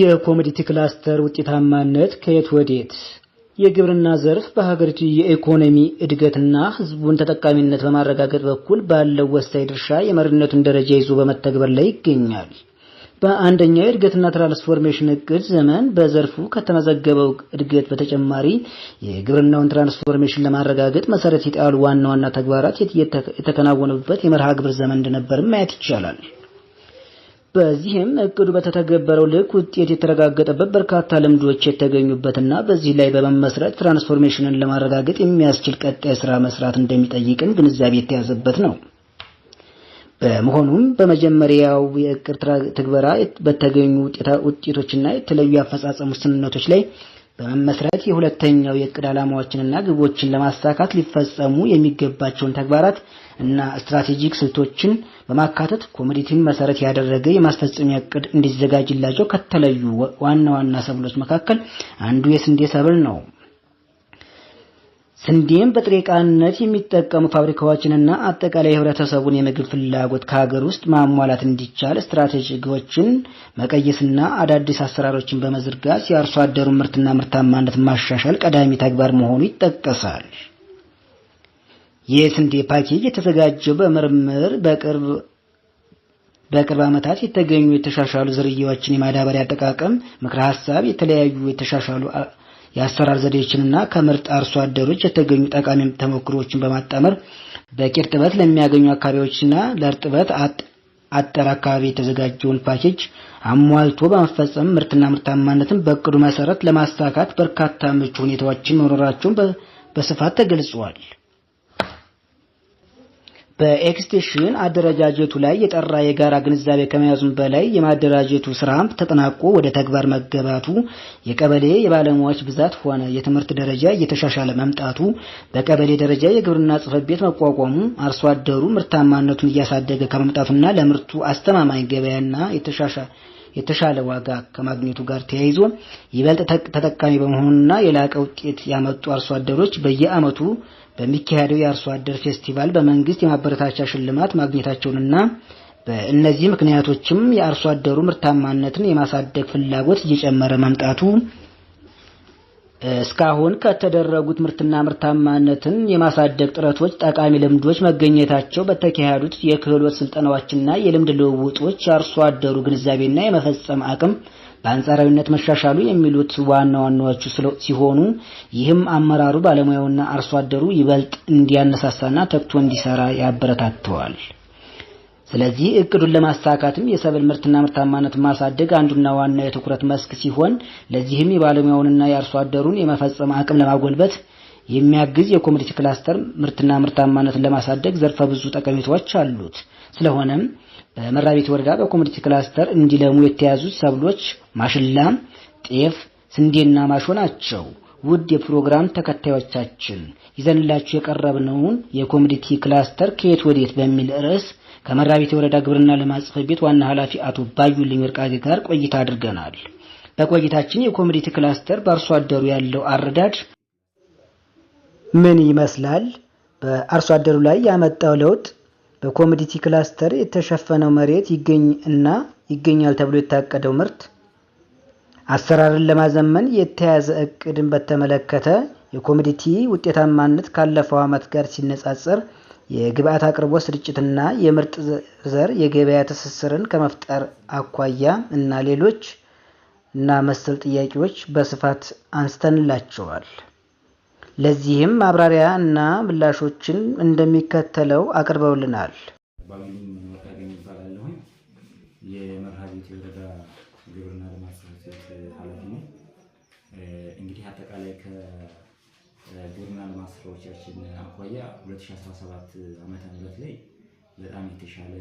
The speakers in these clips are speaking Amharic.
የኮሞዲቲ ክላስተር ውጤታማነት ከየት ወዴት? የግብርና ዘርፍ በሀገሪቱ የኢኮኖሚ እድገትና ህዝቡን ተጠቃሚነት በማረጋገጥ በኩል ባለው ወሳኝ ድርሻ የመሪነቱን ደረጃ ይዞ በመተግበር ላይ ይገኛል። በአንደኛው የእድገትና ትራንስፎርሜሽን እቅድ ዘመን በዘርፉ ከተመዘገበው እድገት በተጨማሪ የግብርናውን ትራንስፎርሜሽን ለማረጋገጥ መሰረት የጣሉ ዋና ዋና ተግባራት የተከናወኑበት የመርሃ ግብር ዘመን እንደነበርም ማየት ይቻላል። በዚህም እቅዱ በተተገበረው ልክ ውጤት የተረጋገጠበት በርካታ ልምዶች የተገኙበትና በዚህ ላይ በመመስረት ትራንስፎርሜሽንን ለማረጋገጥ የሚያስችል ቀጣይ ስራ መስራት እንደሚጠይቅም ግንዛቤ የተያዘበት ነው። በመሆኑም በመጀመሪያው የእቅድ ትግበራ በተገኙ ውጤቶችና የተለዩ የአፈጻጸም ውስንነቶች ላይ በመመስረት የሁለተኛው የእቅድ ዓላማዎችንና ግቦችን ለማሳካት ሊፈጸሙ የሚገባቸውን ተግባራት እና ስትራቴጂክ ስልቶችን በማካተት ኮሚዲቲን መሰረት ያደረገ የማስፈጸሚያ እቅድ እንዲዘጋጅላቸው ከተለዩ ዋና ዋና ሰብሎች መካከል አንዱ የስንዴ ሰብል ነው። ስንዴም በጥሬ ዕቃነት የሚጠቀሙ ፋብሪካዎችንና አጠቃላይ የህብረተሰቡን የምግብ ፍላጎት ከሀገር ውስጥ ማሟላት እንዲቻል ስትራቴጂዎችን መቀየስና አዳዲስ አሰራሮችን በመዝርጋት የአርሶ አደሩን ምርትና ምርታማነት ማሻሻል ቀዳሚ ተግባር መሆኑ ይጠቀሳል። የስንዴ ፓኬጅ የተዘጋጀው በምርምር በቅርብ በቅርብ ዓመታት የተገኙ የተሻሻሉ ዝርያዎችን የማዳበሪያ አጠቃቀም ምክረ ሀሳብ የተለያዩ የተሻሻሉ የአሰራር ዘዴዎችንና ከምርጥ አርሶ አደሮች የተገኙ ጠቃሚ ተሞክሮዎችን በማጣመር በቂ እርጥበት ለሚያገኙ አካባቢዎችና ለእርጥበት አጠር አካባቢ የተዘጋጀውን ፓኬጅ አሟልቶ በመፈጸም ምርትና ምርታማነትን በእቅዱ መሰረት ለማሳካት በርካታ ምቹ ሁኔታዎችን መኖራቸውን በስፋት ተገልጸዋል። በኤክስቴሽን አደረጃጀቱ ላይ የጠራ የጋራ ግንዛቤ ከመያዙም በላይ የማደራጀቱ ስራ ተጠናቆ ወደ ተግባር መገባቱ የቀበሌ የባለሙያዎች ብዛት ሆነ የትምህርት ደረጃ እየተሻሻለ መምጣቱ በቀበሌ ደረጃ የግብርና ጽፈት ቤት መቋቋሙ አርሶ አደሩ ምርታማነቱን እያሳደገ ከመምጣቱና ለምርቱ አስተማማኝ ገበያና የተሻሻለ የተሻለ ዋጋ ከማግኘቱ ጋር ተያይዞ ይበልጥ ተጠቃሚ በመሆኑና የላቀ ውጤት ያመጡ አርሶ አደሮች በየዓመቱ በሚካሄደው የአርሶ አደር ፌስቲቫል በመንግስት የማበረታቻ ሽልማት ማግኘታቸውንና በእነዚህ ምክንያቶችም የአርሶ አደሩ ምርታማነትን የማሳደግ ፍላጎት እየጨመረ መምጣቱ እስካሁን ከተደረጉት ምርትና ምርታማነትን የማሳደግ ጥረቶች ጠቃሚ ልምዶች መገኘታቸው በተካሄዱት የክህሎት ስልጠናዎችና የልምድ ልውውጦች አርሶ አደሩ ግንዛቤና የመፈጸም አቅም በአንጻራዊነት መሻሻሉ የሚሉት ዋና ዋናዎቹ ሲሆኑ ይህም አመራሩ፣ ባለሙያውና አርሶ አደሩ ይበልጥ እንዲያነሳሳና ተግቶ እንዲሰራ ያበረታተዋል። ስለዚህ እቅዱን ለማሳካትም የሰብል ምርትና ምርታማነት ማሳደግ አንዱና ዋና የትኩረት መስክ ሲሆን ለዚህም የባለሙያውንና የአርሶ አደሩን የመፈጸም አቅም ለማጎልበት የሚያግዝ የኮሚኒቲ ክላስተር ምርትና ምርታማነትን ለማሳደግ ዘርፈ ብዙ ጠቀሜታዎች አሉት። ስለሆነም በመራቤት ወረዳ በኮሚኒቲ ክላስተር እንዲለሙ የተያዙት ሰብሎች ማሽላ፣ ጤፍ፣ ስንዴና ማሾ ናቸው። ውድ የፕሮግራም ተከታዮቻችን ይዘንላችሁ የቀረብነውን የኮሚኒቲ ክላስተር ከየት ወዴት በሚል ርዕስ ከመራቤት የወረዳ ግብርና ልማት ጽሕፈት ቤት ዋና ኃላፊ አቶ ባዩልኝ ወርቃጌ ጋር ቆይታ አድርገናል። በቆይታችን የኮሚኒቲ ክላስተር በአርሶ አደሩ ያለው አረዳድ ምን ይመስላል፣ በአርሶ አደሩ ላይ ያመጣው ለውጥ፣ በኮሚኒቲ ክላስተር የተሸፈነው መሬት ይገኝ እና ይገኛል ተብሎ የታቀደው ምርት፣ አሰራርን ለማዘመን የተያዘ እቅድን በተመለከተ የኮሚኒቲ ውጤታማነት ካለፈው ዓመት ጋር ሲነጻጸር የግብአት አቅርቦት ስርጭትና የምርጥ ዘር የገበያ ትስስርን ከመፍጠር አኳያ እና ሌሎች እና መሰል ጥያቄዎች በስፋት አንስተንላቸዋል። ለዚህም ማብራሪያ እና ምላሾችን እንደሚከተለው አቅርበውልናል። የመርሃ ቤት የወረዳ ግብርና ልማት ጽሕፈት ቤት ኃላፊ ነው። እንግዲህ አጠቃላይ ግብርና ልማት አኳያ 2017 ዓመተ ምህረት ላይ በጣም የተሻለ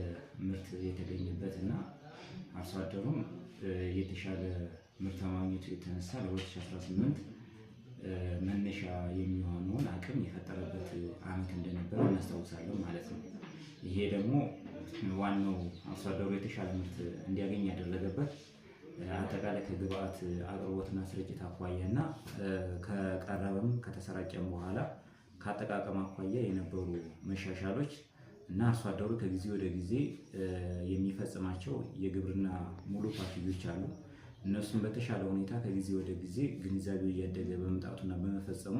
ምርት የተገኘበት እና አርሶ አደሩም የተሻለ ምርት ማግኘቱ የተነሳ ለ2018 መነሻ የሚሆነውን አቅም የፈጠረበት አመት እንደነበረ እናስታውሳለን ማለት ነው። ይሄ ደግሞ ዋናው አርሶ አደሩ የተሻለ ምርት እንዲያገኝ ያደረገበት አጠቃላይ ከግብአት አቅርቦትና ስርጭት አኳያ እና ከቀረበም ከተሰራጨም በኋላ ከአጠቃቀም አኳያ የነበሩ መሻሻሎች እና አርሶ አደሩ ከጊዜ ወደ ጊዜ የሚፈጽማቸው የግብርና ሙሉ ፓኬጆች አሉ። እነሱም በተሻለ ሁኔታ ከጊዜ ወደ ጊዜ ግንዛቤው እያደገ በመምጣቱና በመፈጸሙ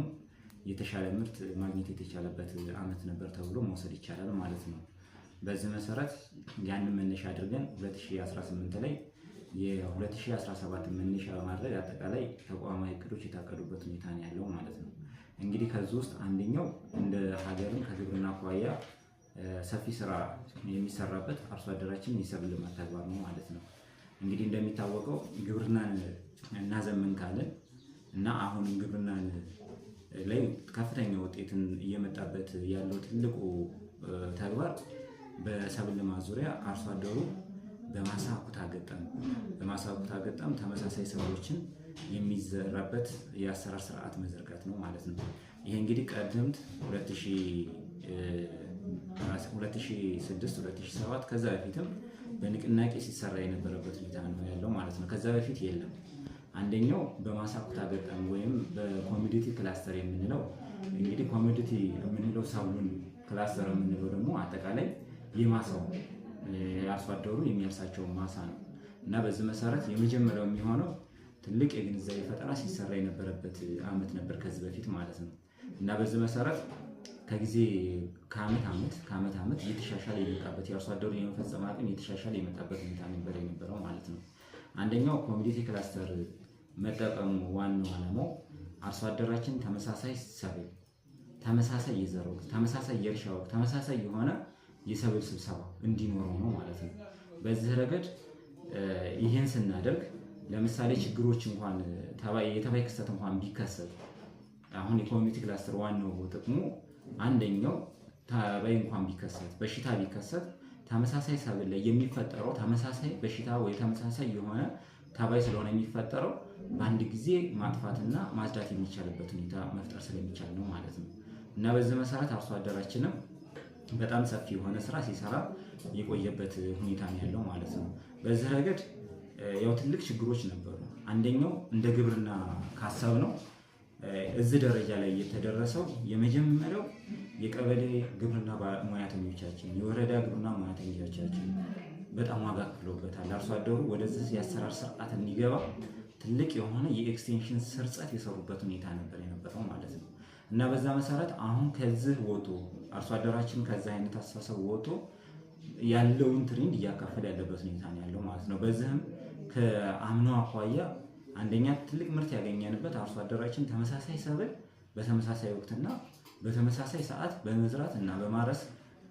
የተሻለ ምርት ማግኘት የተቻለበት ዓመት ነበር ተብሎ መውሰድ ይቻላል ማለት ነው። በዚህ መሰረት ያንን መነሻ አድርገን 2018 ላይ የ2017 መነሻ በማድረግ አጠቃላይ ተቋማዊ እቅዶች የታቀዱበት ሁኔታ ነው ያለው ማለት ነው። እንግዲህ ከዚህ ውስጥ አንደኛው እንደ ሀገርም ከግብርና አኳያ ሰፊ ስራ የሚሰራበት አርሶ አደራችን የሰብል ልማት ተግባር ነው ማለት ነው። እንግዲህ እንደሚታወቀው ግብርናን እናዘምን ካለን እና አሁንም ግብርናን ላይ ከፍተኛ ውጤትን እየመጣበት ያለው ትልቁ ተግባር በሰብል ልማት ዙሪያ አርሶ አደሩ በማሳኩታ ገጠም በማሳኩታ ገጠም ተመሳሳይ ሰብሎችን የሚዘራበት የአሰራር ስርዓት መዘርጋት ነው ማለት ነው። ይሄ እንግዲህ ቀደምት 2006 2007 ከዛ በፊትም በንቅናቄ ሲሰራ የነበረበት ሁኔታ ነው ያለው ማለት ነው። ከዛ በፊት የለም። አንደኛው በማሳኩታ ገጠም ወይም በኮሚዲቲ ክላስተር የምንለው እንግዲህ ኮሚዲቲ የምንለው ሰብሉን ክላስተር የምንለው ደግሞ አጠቃላይ የማሳው አርሶ አደሩ የሚያርሳቸው ማሳ ነው እና በዚህ መሰረት የመጀመሪያው የሚሆነው ትልቅ የግንዛቤ ፈጠራ ሲሰራ የነበረበት አመት ነበር ከዚህ በፊት ማለት ነው እና በዚህ መሰረት ከጊዜ ከአመት አመት ከአመት አመት እየተሻሻለ የመጣበት የአርሶ አደሩ የመፈጸም አቅም እየተሻሻለ የመጣበት ሁኔታ ነበር የነበረው ማለት ነው። አንደኛው ኮሚኒቲ ክላስተር መጠቀሙ ዋናው አላማው አርሶ አደራችን ተመሳሳይ ሰብል፣ ተመሳሳይ የዘር ወቅት፣ ተመሳሳይ የእርሻ ወቅት፣ ተመሳሳይ የሆነ የሰብል ስብሰባ እንዲኖረው ነው ማለት ነው። በዚህ ረገድ ይህን ስናደርግ ለምሳሌ ችግሮች እንኳን የተባይ ክስተት እንኳን ቢከሰት አሁን የኮሚኒቲ ክላስተር ዋናው ጥቅሙ አንደኛው ተባይ እንኳን ቢከሰት በሽታ ቢከሰት ተመሳሳይ ሰብል ላይ የሚፈጠረው ተመሳሳይ በሽታ ወይ ተመሳሳይ የሆነ ተባይ ስለሆነ የሚፈጠረው በአንድ ጊዜ ማጥፋትና ማጽዳት የሚቻልበት ሁኔታ መፍጠር ስለሚቻል ነው ማለት ነው እና በዚህ መሰረት አርሶ አደራችንም በጣም ሰፊ የሆነ ስራ ሲሰራ የቆየበት ሁኔታ ነው ያለው ማለት ነው። በዚህ ረገድ ያው ትልቅ ችግሮች ነበሩ። አንደኛው እንደ ግብርና ካሰብ ነው እዚህ ደረጃ ላይ የተደረሰው የመጀመሪያው የቀበሌ ግብርና ሙያተኞቻችን፣ የወረዳ ግብርና ሙያተኞቻችን በጣም ዋጋ ክፍለውበታል። አርሶ አደሩ ወደዚህ የአሰራር ስርዓት እንዲገባ ትልቅ የሆነ የኤክስቴንሽን ስርጸት የሰሩበት ሁኔታ ነበር የነበረው ማለት ነው። እና በዛ መሰረት አሁን ከዚህ ወጡ አርሶ አደራችን ከዚህ አይነት አስተሳሰብ ወጡ ያለውን ትሬንድ እያካፈል ያለበት ሁኔታ ነው ያለው ማለት ነው። በዚህም ከአምኖ አኳያ አንደኛ ትልቅ ምርት ያገኘንበት አርሶ አደራችን ተመሳሳይ ሰብል በተመሳሳይ ወቅትና በተመሳሳይ ሰዓት በመዝራት እና በማረስ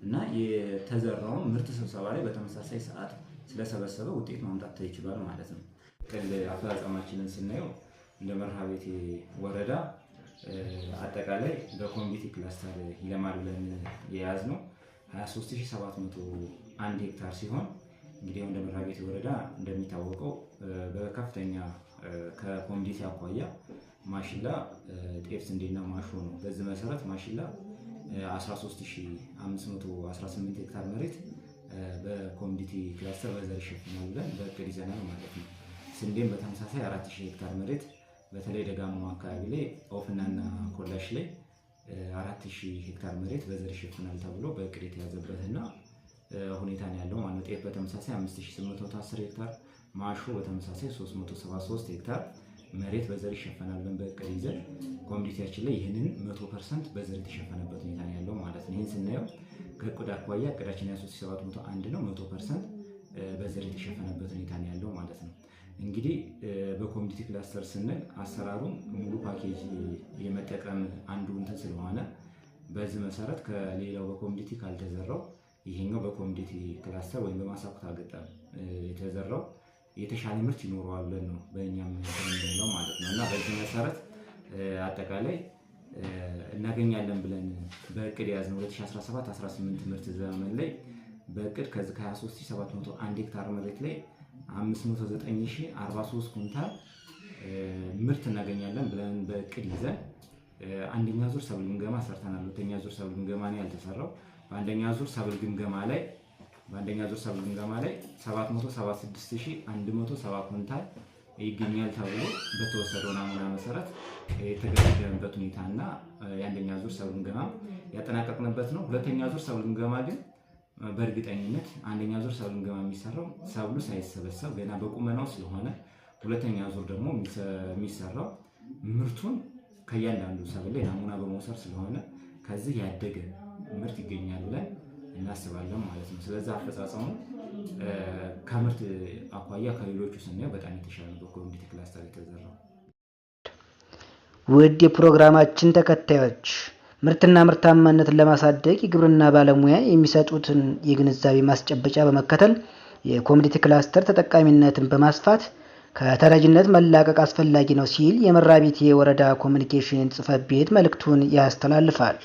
እና የተዘራውን ምርት ስብሰባ ላይ በተመሳሳይ ሰዓት ስለሰበሰበ ውጤት ማምጣት ተችሏል ማለት ነው። አፈጻጸማችንን ስናየው እንደ መርሃቤቴ ወረዳ አጠቃላይ በኮሚኒቲ ክላስተር ይለማል ብለን የያዝ ነው 23701 ሄክታር ሲሆን እንግዲህ እንደ ደብረ ወረዳ እንደሚታወቀው በከፍተኛ ከኮሚዲቲ አኳያ ማሽላ፣ ጤፍ፣ ስንዴና ማሾ ነው። በዚህ መሰረት ማሽላ 13518 ሄክታር መሬት በኮሚኒቲ ክላስተር በዘር ይሸፍናል ብለን በእቅድ ይዘናል ማለት ነው። ስንዴም በተመሳሳይ 4000 ሄክታር መሬት በተለይ ደጋማ አካባቢ ላይ ኦፍናና ኮላሽ ላይ አራት ሺህ ሄክታር መሬት በዘር ይሸፍናል ተብሎ በእቅድ የተያዘበትና ሁኔታ ነው ያለው ማለት ጤፍ በተመሳሳይ 5810 ሄክታር፣ ማሾ በተመሳሳይ 373 ሄክታር መሬት በዘር ይሸፈናል ብለን በእቅድ ይዘን ኮሚኒቲያችን ላይ ይህንን 100% በዘር የተሸፈነበት ሁኔታ ነው ያለው ማለት ነው። ይህን ስናየው ከእቅድ አኳያ እቅዳችን ያሱ 701 ነው፣ 100% በዘር የተሸፈነበት ሁኔታ ነው ያለው ማለት ነው። እንግዲህ በኮሚኒቲ ክላስተር ስንል አሰራሩም ሙሉ ፓኬጅ የመጠቀም አንዱ እንትን ስለሆነ በዚህ መሰረት ከሌላው በኮሚኒቲ ካልተዘራው ይሄኛው በኮሚኒቲ ክላስተር ወይም በማሳኩታ ገጠም የተዘራው የተሻለ ምርት ይኖረዋል ብለን ነው በእኛም ነው ማለት ነው እና በዚህ መሰረት አጠቃላይ እናገኛለን ብለን በእቅድ የያዝነው 2017 18 ምርት ዘመን ላይ በእቅድ ከዚህ ከ23701 ሄክታር መሬት ላይ 509,043 ኩንታል ምርት እናገኛለን ብለን በእቅድ ይዘን አንደኛ ዙር ሰብል ግምገማ ሰርተናል። ሁለተኛ ዙር ሰብል ግምገማ ነው ያልተሰራው። በአንደኛ ዙር ሰብል ግምገማ ላይ በአንደኛ ዙር ሰብል ግምገማ ላይ 776170 ኩንታል ይገኛል ተብሎ በተወሰደው ናሙና መሰረት የተገመገመበት ሁኔታ እና የአንደኛ ዙር ሰብል ግምገማ ያጠናቀቅንበት ነው። ሁለተኛ ዙር ሰብል ግምገማ ግን በእርግጠኝነት አንደኛ ዙር ሰብል ግምገማ የሚሰራው ሰብሉ ሳይሰበሰብ ገና በቁመናው ስለሆነ፣ ሁለተኛ ዙር ደግሞ የሚሰራው ምርቱን ከእያንዳንዱ ሰብል ላይ ናሙና በመውሰድ ስለሆነ ከዚህ ያደገ ምርት ይገኛል ብለን እናስባለን ማለት ነው። ስለዚህ አፈጻጸሙ ከምርት አኳያ ከሌሎቹ ስናየው በጣም የተሻለ በኮሚኒቲ ክላስተር የተዘራው። ውድ የፕሮግራማችን ተከታዮች ምርትና ምርታማነትን ለማሳደግ የግብርና ባለሙያ የሚሰጡትን የግንዛቤ ማስጨበጫ በመከተል የኮሚኒቲ ክላስተር ተጠቃሚነትን በማስፋት ከተረጅነት መላቀቅ አስፈላጊ ነው ሲል የመራቤቴ ወረዳ ኮሚኒኬሽን ጽሕፈት ቤት መልእክቱን ያስተላልፋል።